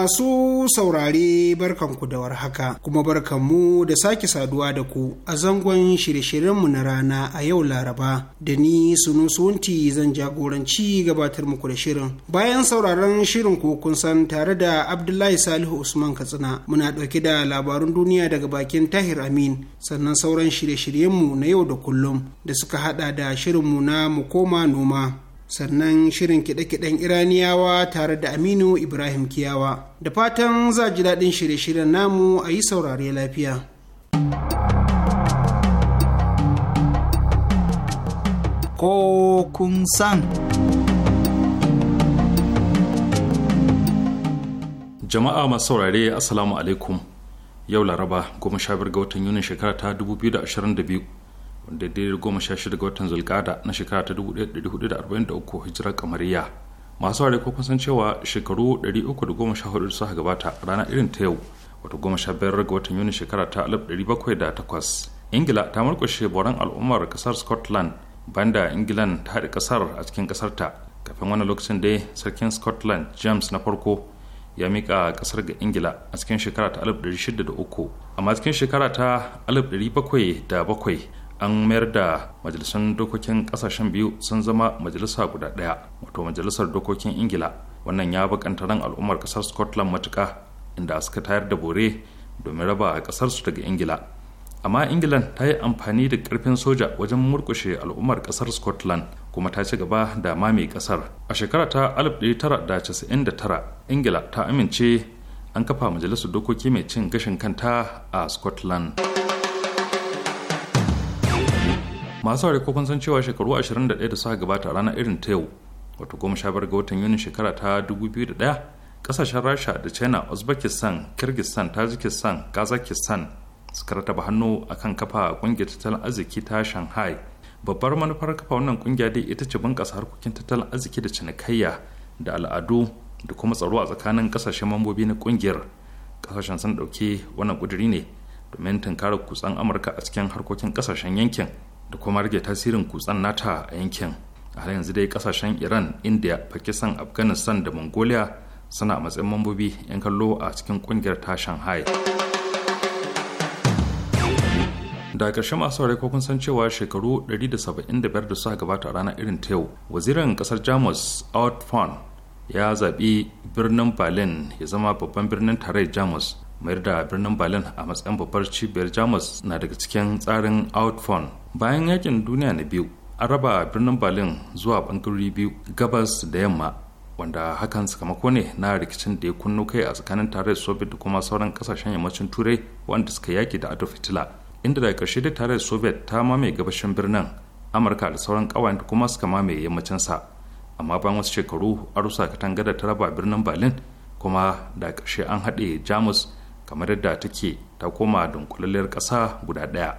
Masu saurare barkanku da haka, kuma barkanmu da sake saduwa da ku a zangon shirye-shiryenmu na rana a yau Laraba da ni sunu sunti zan jagoranci gabatar muku da shirin. Bayan sauraron shirin ko kun san tare da Abdullahi Salihu Usman Katsina muna ɗauke da labarun duniya daga bakin Tahir Amin sannan sauran shirye-shiryenmu na yau da kullum da suka haɗa da shirinmu na mu koma noma. sannan shirin kiɗe-kiɗen iraniyawa tare da aminu ibrahim kiyawa da fatan za ji daɗin shirye-shiryen namu a yi saurare lafiya ko kun san jama'a masu saurare assalamu alaikum yau laraba goma sha biyar ga watan yunin shekara ta 2022 wanda daidai goma sha shida ga watan zulkada na shekara ta 1443 hijirar kamariya masu ware ko san cewa shekaru 314 suka gabata ranar irin ta yau wato goma sha biyar ga watan yuni shekara ta da 1708 ingila ta murkushe boran al'ummar kasar scotland banda ingilan ta haɗe kasar a cikin kasarta kafin wani lokacin dai sarkin scotland james na farko ya mika kasar ga ingila a cikin shekara ta 1603 amma cikin shekara ta bakwai. an mayar da majalisun dokokin kasashen biyu sun zama majalisa guda daya wato majalisar dokokin ingila wannan ya bakanta ran al'ummar kasar scotland matuka inda suka tayar da bore domin raba a su daga ingila amma ingila ta yi amfani da karfin soja wajen murkushe al'ummar kasar scotland kuma ta ci gaba da mame kasar a shekara ta 1999 ingila ta amince an kafa majalisar dokoki mai cin gashin kanta a scotland masu ware kun san cewa shekaru 21 da suka gabata ranar irin ta yau wato goma sha biyar ga watan yuni shekara ta 2001 kasashen rasha da china uzbekistan kirgistan tajikistan kazakistan suka rataba hannu akan kafa kungiyar tattalin arziki ta shanghai babbar manufar kafa wannan kungiya dai ita ce bunkasa harkokin tattalin arziki da cinikayya da al'adu da kuma tsaro a tsakanin kasashen mambobi na kungiyar kasashen sun ɗauki wannan ƙuduri ne domin tunkarar kutsan amurka a cikin harkokin kasashen yankin da kuma rage tasirin kutsan nata a yankin a yanzu dai kasashen iran india pakistan afghanistan da mongolia suna matsayin mambobi 'yan kallo a cikin kungiyar ta shanghai da ƙarshe masu rai kun san cewa shekaru 175 da suka gabata a ranar irin ta yau waziran kasar jamus out ya zaɓi birnin berlin ya zama babban birnin tarayyar jamus mayar da birnin berlin a matsayin babbar cibiyar jamus na daga cikin tsarin outfront bayan yakin duniya na biyu an raba birnin berlin zuwa bangarori biyu gabas da yamma wanda hakan sakamako ne na rikicin da ya kunno kai a tsakanin tarayyar soviet da kuma sauran kasashen yammacin turai wanda suka yaki da adolf hitler inda daga karshe da tarayyar soviet ta mamaye gabashin birnin amurka da sauran kawai da kuma suka mamaye sa amma bayan wasu shekaru a rusa da ta raba birnin berlin kuma da karshe an haɗe jamus kamar yadda take ta koma dunkulalliyar ƙasa guda ɗaya.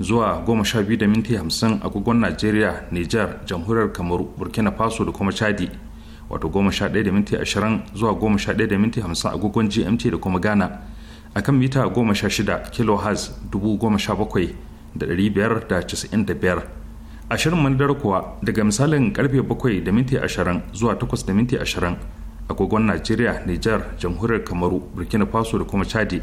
zuwa goma sha biyu da minti hamsin agogon najeriya nijar jamhuriyar kamaru burkina faso da kuma chadi wato goma sha ɗaya da minti ashirin zuwa goma sha ɗaya da minti hamsin agogon gmt da kuma ghana akan mita goma sha shida kilohertz dubu goma sha bakwai da ɗari biyar da casa'in da biyar ashirin manadar kuwa daga misalin karfe bakwai da minti ashirin zuwa takwas da minti ashirin agogon najeriya nijar jamhuriyar kamaru burkina faso da kuma chadi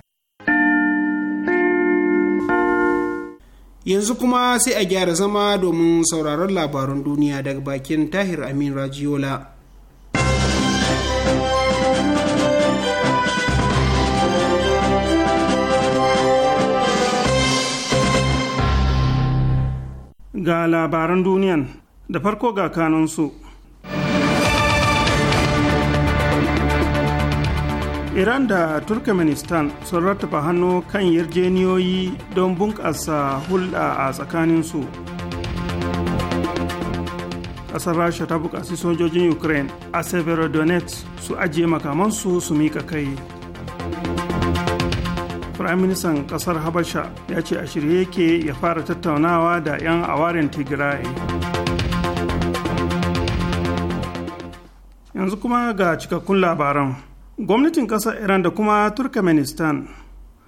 yanzu kuma sai a gyara zama domin sauraron labaran duniya daga bakin tahir amin rajiola ga labaran duniyan da farko ga kanunsu iran da turkmenistan sun rattaba hannu kan yarjeniyoyi don bunƙasa hulɗa a tsakaninsu ƙasar rasha ta buƙaci sojojin ukraine a severodonetsk su ajiye makamansu su mika kai firaministan ƙasar habasha ya ce a shirye yake ya fara tattaunawa da 'yan awarin tigray yanzu kuma ga cikakkun labaran gwamnatin ƙasar iran da kuma turkmenistan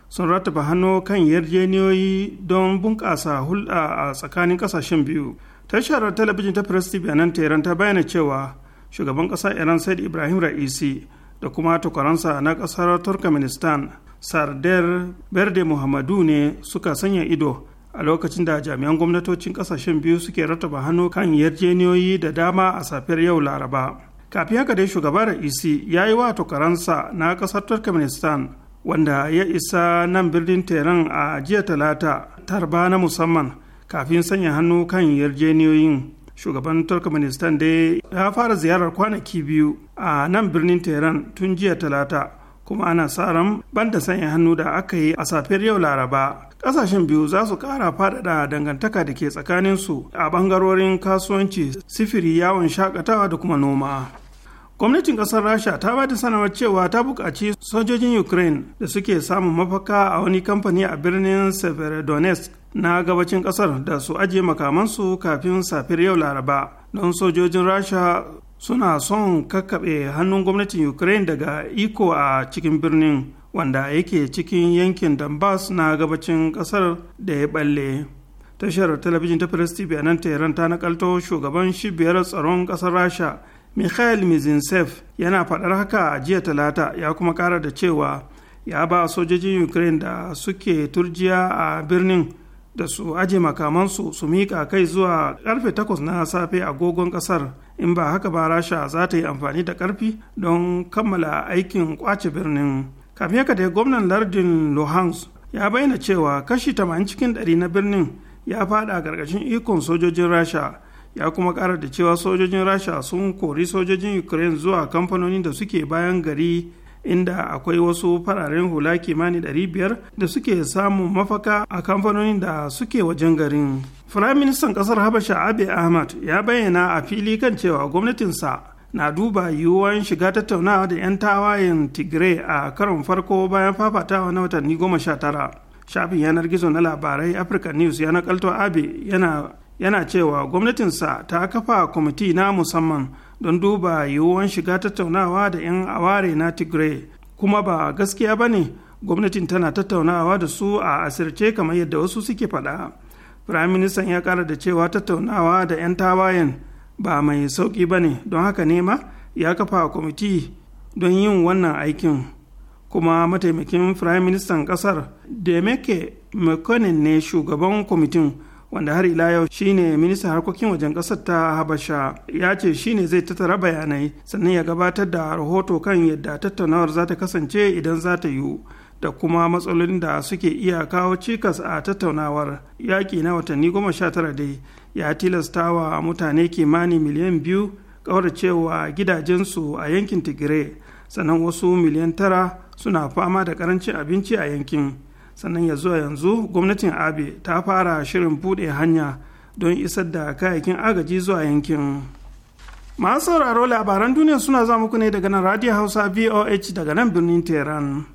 sun rataba hannu kan yarjejeniyoyi don bunƙasa hulɗa a tsakanin ƙasashen biyu tashar talabijin ta press tv nan teran ta bayyana cewa shugaban ƙasar iran said ibrahim ra'isi da kuma tukaransa na ƙasar turkmenistan sardar berde muhammadu ne suka sanya ido a lokacin da jami'an gwamnatocin ƙasashen biyu suke rataba hannu kan yarjejeniyoyi da dama a safiyar yau laraba kafin haka dai shugaba isi e ya yi wa tokaransa na kasar turkmenistan wanda ya isa nan birnin teran a jiya talata tarba na musamman kafin sanya hannu kan yarjeniyoyin shugaban turkmenistan dai ya fara ziyarar kwanaki biyu a nan birnin teran tun jiya talata kuma ana sa ran banda sanya hannu da aka yi a safiyar yau laraba kasashen biyu za su kara faɗaɗa dangantaka da ke tsakanin su a bangarorin kasuwanci sifiri yawon shakatawa da kuma noma gwamnatin kasar rasha ta ba da sanarwar cewa ta buƙaci sojojin ukraine da suke samun mafaka a wani kamfani a birnin severodonetsk na gabacin kasar da su ajiye makamansu kafin safir yau laraba don sojojin rasha suna son kakkaɓe hannun gwamnatin ukraine daga iko a cikin birnin wanda yake cikin yankin donbass na gabacin kasar da ya balle tashar talabijin ta press tv a nan ta nakalto shugaban shibiyar tsaron kasar rasha mikhail mizinsef yana faɗar haka a jiya talata ya kuma ƙara da cewa ya ba sojojin ukraine da suke turjiya a birnin da su aje makamansu su miƙa kai zuwa karfe takwas na safe agogon ƙasar in ba haka ba rasha za ta yi amfani da ƙarfi don kammala aikin kwace birnin kafin haka da gwamnan lardin luhansk ya bayyana cewa kashi 80 cikin 100 na birnin ya fada a ƙarƙashin ikon sojojin rasha ya kuma ƙara da cewa sojojin rasha sun kori sojojin ukraine zuwa kamfanonin da suke bayan gari inda akwai wasu fararen hula kimanin biyar da suke samun mafaka a kamfanonin da suke wajen garin. Firayim Ministan ƙasar Habasha Abe Ahmad ya bayyana a fili kan cewa gwamnatinsa na duba yiwuwan shiga tattaunawa da 'yan tawayen Tigray a karon farko bayan fafatawa na watanni goma sha tara. Shafin yanar gizo na labarai Africa News ya nakalto Abe yana yana cewa gwamnatinsa ta kafa kwamiti na musamman don duba yiwuwan shiga tattaunawa da 'yan aware na tigray kuma ba gaskiya ba ne gwamnatin tana tattaunawa da su a asirce kamar yadda wasu suke faɗa firaministan ya kara da cewa tattaunawa da 'yan tawayen ba mai sauki ba ne don haka ne ma ya kafa kwamiti don yin wannan aikin kuma mataimakin firaministan ƙasar da meke ne shugaban kwamitin wanda har ila yau shine ministan harkokin wajen ƙasar ta habasha ya ce shine zai tattara bayanai sannan ya gabatar da rahoto kan yadda tattaunawar za ta kasance idan za ta yiwu da kuma matsalolin da suke iya kawo cikas a tattaunawar yaƙi na watanni goma sha tara dai ya tilastawa mutane kimanin miliyan biyu ƙauracewa gidajensu a yankin tigire sannan wasu miliyan tara suna fama da ƙarancin abinci a yankin sannan ya zuwa yanzu gwamnatin abe ta fara shirin buɗe hanya don isar da kayayyakin agaji zuwa yankin masu sauraro labaran duniya suna za muku ne daga nan radio hausa voh daga nan birnin tehran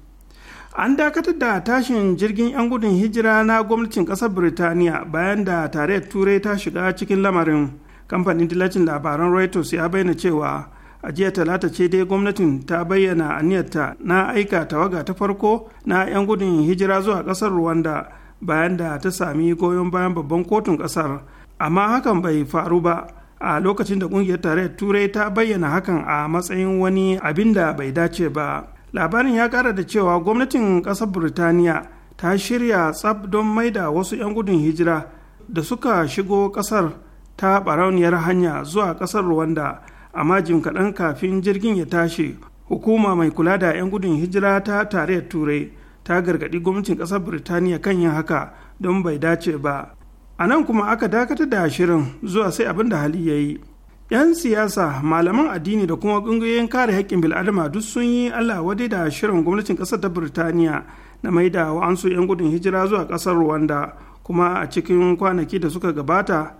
an dakatar da tashin jirgin 'yan gudun hijira na gwamnatin kasar birtaniya bayan da tarayyar turai ta shiga cikin lamarin kamfanin dillacin labaran reuters ya bayyana cewa a jiya talata ce dai gwamnatin ta bayyana aniyarta na aika tawaga ta farko na 'yan gudun hijira zuwa kasar rwanda bayan da ta sami goyon bayan babban kotun kasar amma hakan bai faru ba a lokacin da kungiyar tarayyar turai ta bayyana hakan a matsayin wani abin da bai dace ba labarin ya kara da cewa gwamnatin kasar burtaniya ta shirya tsab don mai da wasu 'yan gudun hijira da suka shigo kasar ta barauniyar hanya zuwa kasar rwanda amma jim kaɗan kafin jirgin ya tashi hukuma mai kula da 'yan gudun hijira ta tarayyar turai ta gargaɗi gwamnatin ƙasar birtaniya kan yin haka don bai dace ba a nan kuma aka dakatar da shirin zuwa sai abin da hali ya yi 'yan siyasa malaman addini da kuma ƙungiyoyin kare haƙƙin bil'adama duk sun yi allah wadai da shirin gwamnatin ƙasar ta birtaniya na maida wa'ansu 'yan gudun hijira zuwa ƙasar rwanda kuma a cikin kwanaki da suka gabata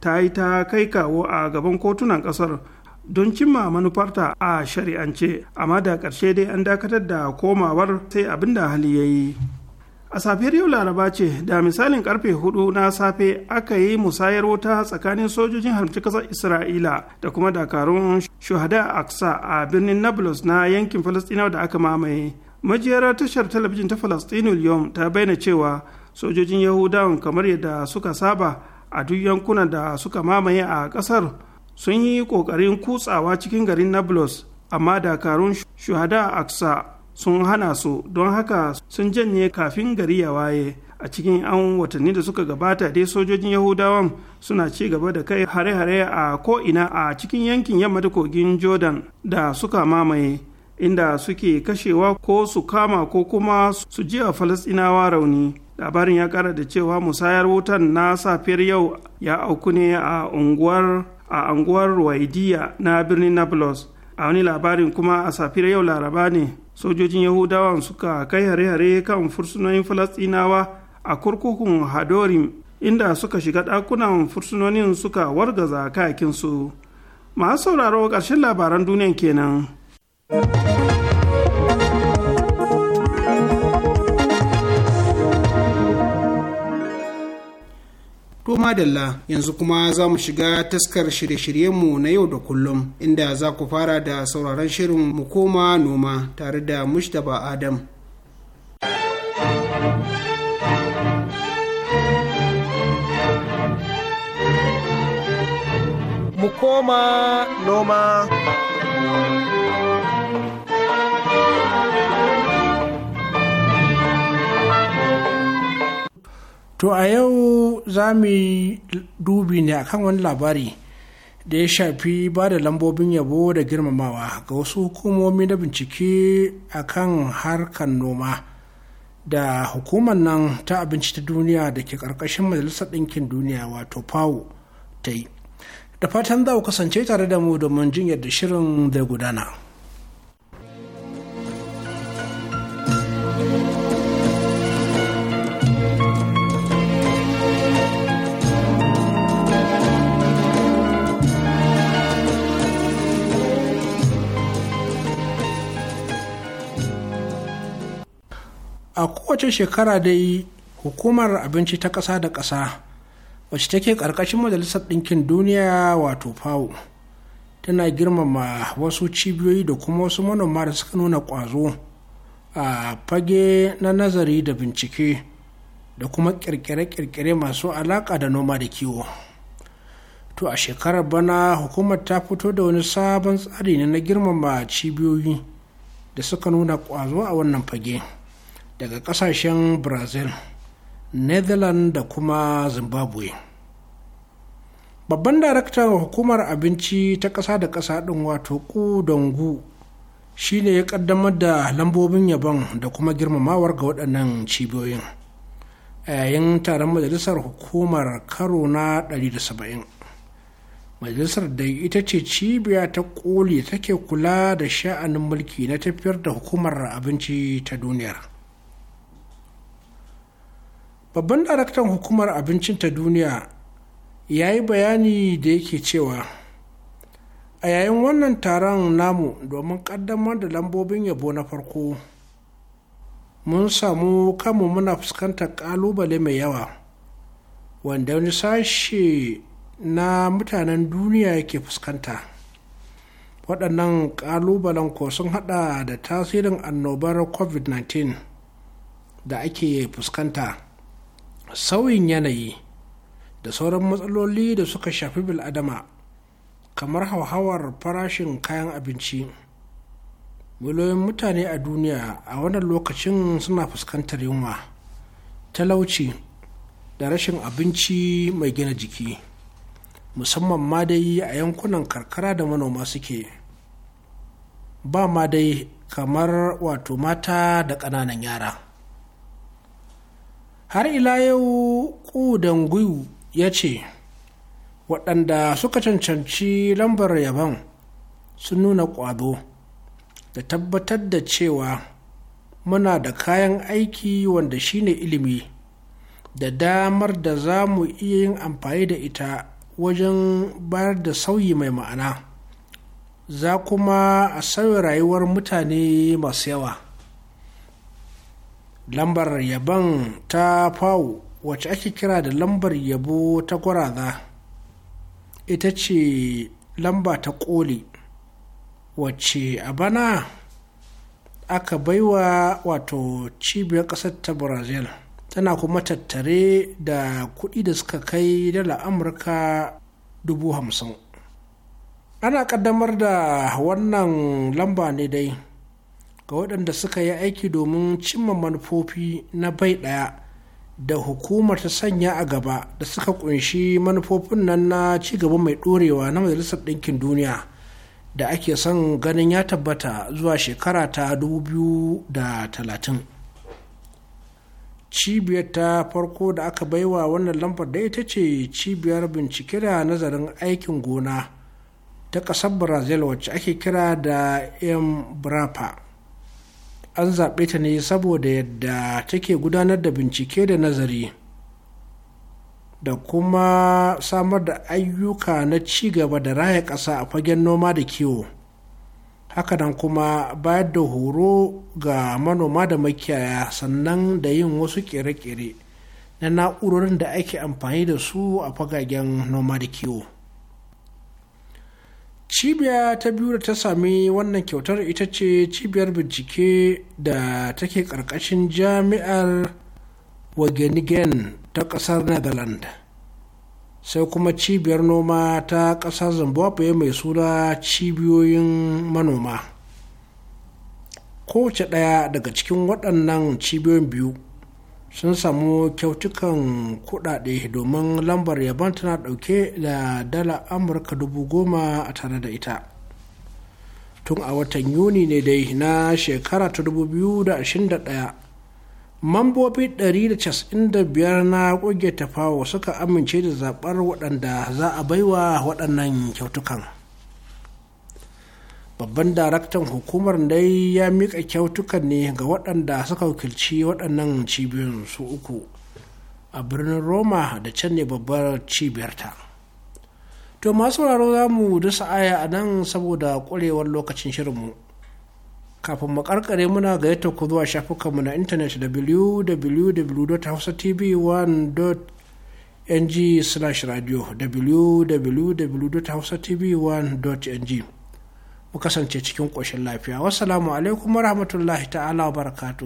ta yi ta kai kawo a gaban kotunan ƙasar don cimma manufarta a shari'ance amma da ƙarshe dai an dakatar da komawar sai abin da hali ya yi a safiyar yau laraba ce da misalin karfe hudu na safe aka yi musayar wuta tsakanin sojojin harci kasar isra'ila da kuma dakarun shuhada aksa a birnin nablus na yankin falastinawa da aka mamaye majiyar tashar talabijin ta falastinul yom ta bayyana cewa sojojin yahudawan kamar yadda suka saba a duk yankunan da suka mamaye a kasar sun yi ƙoƙarin kutsawa cikin garin nablus amma dakarun shuhada aksa sun hana su don haka sun janye kafin gari ya waye a cikin an watanni da suka gabata dai sojojin yahudawan suna ci gaba da kai hare-hare a ko'ina a cikin yankin yamma da kogin jordan da suka mamaye inda suke kashewa ko su kama ko kuma su ji a falasɗinawa rauni labarin ya kara da cewa musayar wutan na safiyar yau ya auku ne a unguwar a anguwar Ruwaidiya na birnin nablus a wani labarin kuma a safiyar yau laraba ne sojojin Yahudawa suka kai hare-hare kan fursunonin falastinawa a kurkukun hadorim inda suka shiga ɗakunan fursunonin suka wargaza kayakinsu masu sauraro ƙarshen labaran duniyan kenan. To dalla yanzu kuma za mu shiga taskar shirye-shiryenmu na yau da kullum inda za ku fara da sauraron shirin mu koma noma tare da Mushtaba Adam. Mu koma noma. to a yau za mu yi dubi ne akan wani labari da ya shafi ba da lambobin yabo da girmamawa ga wasu hukumomi na bincike akan harkar noma da hukumar nan ta abinci ta duniya da ke ƙarƙashin majalisar ɗinkin duniya wato fawo ta yi da fatan za ku kasance tare da mu domin jin yadda shirin zai gudana. kowace shekara dai hukumar abinci ta ƙasa da ƙasa wacce take ƙarƙashin majalisar ɗinkin duniya wato fawo tana girmama wasu cibiyoyi da kuma wasu manoma da suka nuna ƙwazo a fage na nazari da bincike da kuma ƙirƙire-ƙirƙire masu alaƙa da noma da kiwo to a shekarar bana hukumar ta fito da wani sabon tsari ne na girmama cibiyoyi da suka nuna ƙwazo a wannan fage. daga kasashen brazil netherlands da kuma zimbabwe babban daraktan hukumar abinci ta ƙasa da ƙasa ɗin wato kudongu shine ya ƙaddamar da lambobin yabon da kuma girmamawar ga waɗannan cibiyoyin a yayin taron majalisar hukumar karo na 170 majalisar da ita ce cibiya ta koli take kula da sha'anin mulki na tafiyar da hukumar abinci ta duniyar babban daraktan hukumar abincin ta duniya ya yi bayani da yake cewa a yayin wannan taron namu domin kaddamar da lambobin yabo na farko mun samu kanmu muna fuskantar kalubale mai yawa wanda wani sashe na mutanen duniya yake fuskanta waɗannan kalubalen ko sun haɗa da tasirin annobar covid-19 da ake fuskanta sauyin yanayi da sauran matsaloli da suka shafi bil'adama kamar hauhawar farashin kayan abinci miliyoyin mutane a duniya a wannan lokacin suna fuskantar yunwa talauci da rashin abinci mai gina jiki musamman ma dai a yankunan karkara da manoma suke ba ma dai kamar wato mata da ƙananan yara har ila yau ƙudan ya ce waɗanda suka cancanci lambar yabon sun nuna ƙwado da tabbatar da cewa muna da kayan aiki wanda shine ilimi da damar da za mu iya yin amfani da ita wajen bayar da sauyi mai ma'ana za kuma a sauya rayuwar mutane masu yawa lambar yabon ta fawo wacce ake kira da lambar yabo ta gwaraza ita ce lamba ta koli wacce a bana aka baiwa wato cibiyar ƙasar ta brazil tana kuma tattare da kuɗi da suka kai dala amurka dubu hamsin ana ƙaddamar da wannan lamba ne dai ga waɗanda suka yi aiki domin cimma manufofi na bai ɗaya da hukumar ta sanya a gaba da suka kunshi manufofin nan na cigaba mai ɗorewa na majalisar ɗinkin duniya da ake son ganin ya tabbata zuwa shekara ta 2030 cibiyar ta farko da aka baiwa wannan lambar da ita ce cibiyar bincike da nazarin aikin gona ta ƙasar brazil wacce ake kira da mbrapa an zaɓe ta ne saboda yadda take gudanar da bincike da nazari da kuma samar da ayyuka na ci gaba da raya ƙasa a fagen noma da kiwo hakanan kuma bayar da horo ga manoma da makiyaya sannan da yin wasu ƙere-ƙere na na'urorin da ake amfani da su a fagagen noma da kiwo cibiya ta biyu da ta sami wannan kyautar ita ce cibiyar bincike da take ƙarƙashin jami'ar wageningen ta ƙasar netherlands sai kuma cibiyar noma ta ƙasar zimbabwe mai suna cibiyoyin manoma kowace ɗaya daga cikin waɗannan cibiyoyin biyu sun samu kyautukan kudade domin lambar yaban tana dauke da dala amurka dubu goma a tare da ita tun a watan yuni ne dai na shekara ta 2021 mambobi da biyar na kungiyar tafawa suka amince da zaɓar waɗanda za a baiwa waɗannan kyautukan babban daraktan hukumar dai ya mika kyautukan ne ga waɗanda suka wakilci waɗannan cibiyoyin su uku a birnin roma da can ne babbar cibiyarta to masu sauraro za mu dasa aya a nan saboda ƙwarewar lokacin shirinmu kafin mu karkare muna gayyata ku zuwa shafukanmu na intanet www.hausatv1.ng/radio www.hausatv1.ng mu kasance cikin ƙoshin lafiya wassalamu alaikum rahmatullahi ta'ala wa barakatu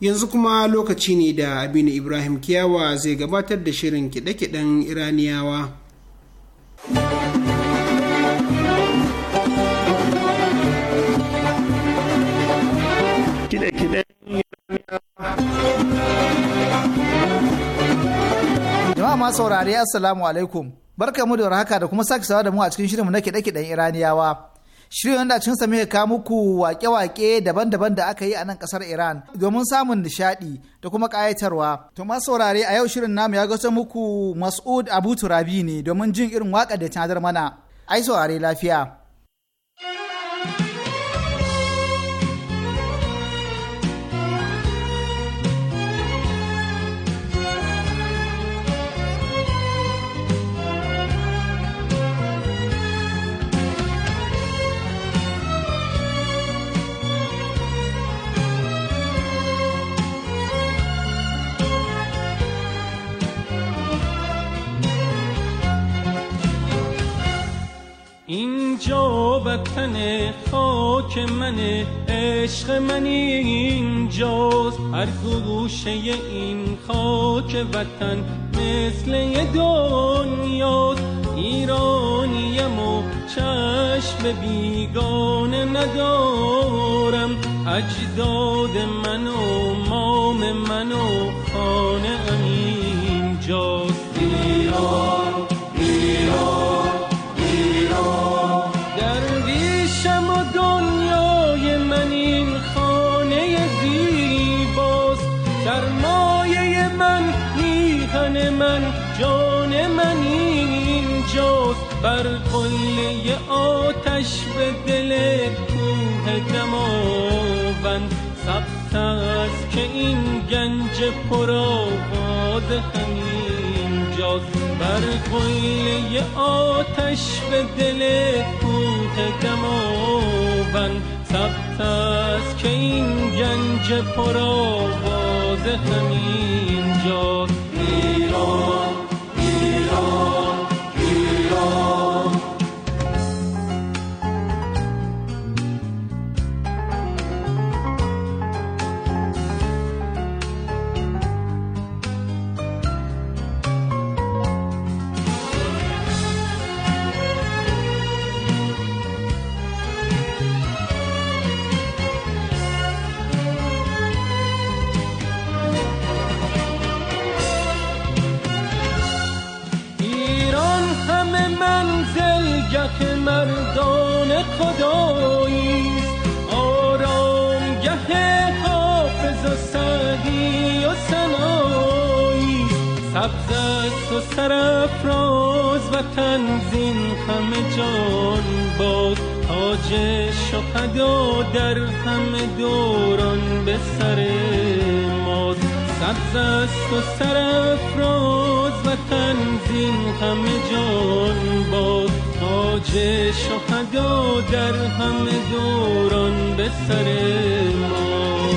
yanzu kuma lokaci ne da abinu ibrahim kiyawa zai gabatar da shirin kiɗe-kiɗen iraniyawa ma saurari assalamu alaikum barka mu da haka da kuma sake sawa da mu a cikin shirinmu na kiɗe-kiɗen iraniyawa shirin wanda cikin sami ka muku wake-wake daban-daban da aka yi a nan kasar iran domin samun nishaɗi da kuma kayatarwa to ma saurari a yau shirin namu ya gaso muku mas'ud abu turabi ne domin jin irin waka da tanadar mana ai saurari lafiya وطن خاک من عشق من اینجاست هر گوشه این خاک وطن مثل یه دنیاست ایرانیم و چشم بیگانه ندارم اجداد من و مام من و کوه دماوند ثبت است که این گنج همین جاز بر قله آتش به دل کوه دماوند ثبت است که این گنج پرآباد جاز ایران خداییست گه حافظ و سعدی و سناییست سبز است و سرفراز و زین همه جان باز تاج شهدا در همه دوران به سر ماز سبز است و سرفراز و تنظیم همه جان باز تاج شهدا در همه دوران به سر ما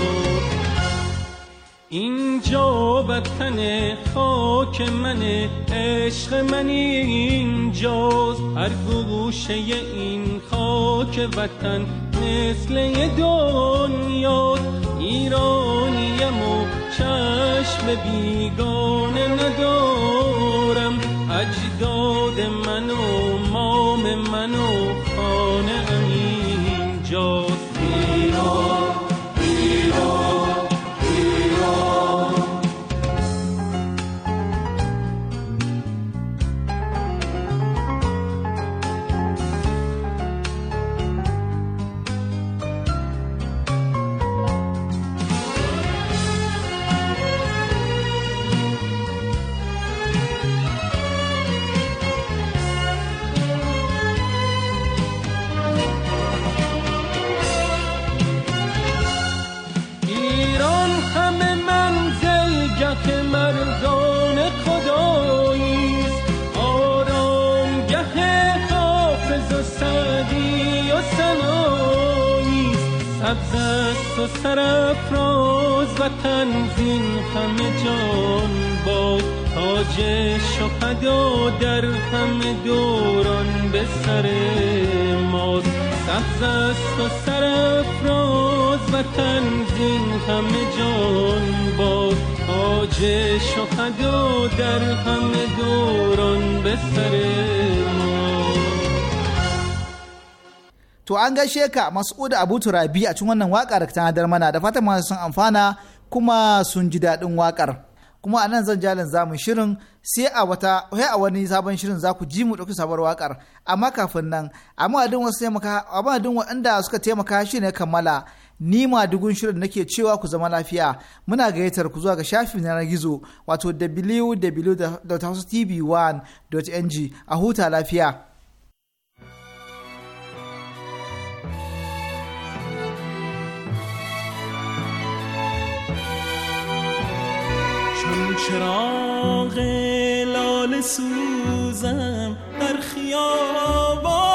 اینجا وطن خاک من عشق منی اینجاست هر گوشه این خاک وطن مثل دنیاست ایرانیم و چشم بیگانه ندارم اجداد من و مام من و Yo. سر افراز و تنظیم همه جان باد تاج شهدا در همه دوران به سر ماز سبز است و وطن تنظیم همه جان باد تاج شهدا در همه دوران به سر to an gaishe ka mas'ud abu turabi a cikin wannan waka da tanadar mana da fatan masu sun amfana kuma sun ji daɗin wakar kuma a nan zan jalin zamu shirin sai a wata sai a wani sabon shirin za ku ji mu ɗauki sabon wakar amma kafin nan amma adin wasu taimaka amma waɗanda suka taimaka shi ne kammala ni ma dugun shirin nake cewa ku zama lafiya muna gayyatar ku zuwa ga shafin na gizo wato wwwtv 1ng a huta lafiya. چراغ لال سوزم در خیابان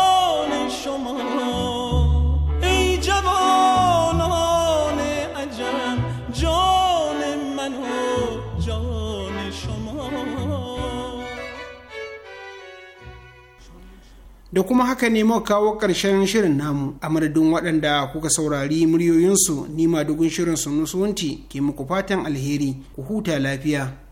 da kuma haka ne muka kawo ƙarshen shirin namu a madadin waɗanda kuka saurari muryoyinsu nima dugun shirin sunusunti ke muku fatan alheri ku huta lafiya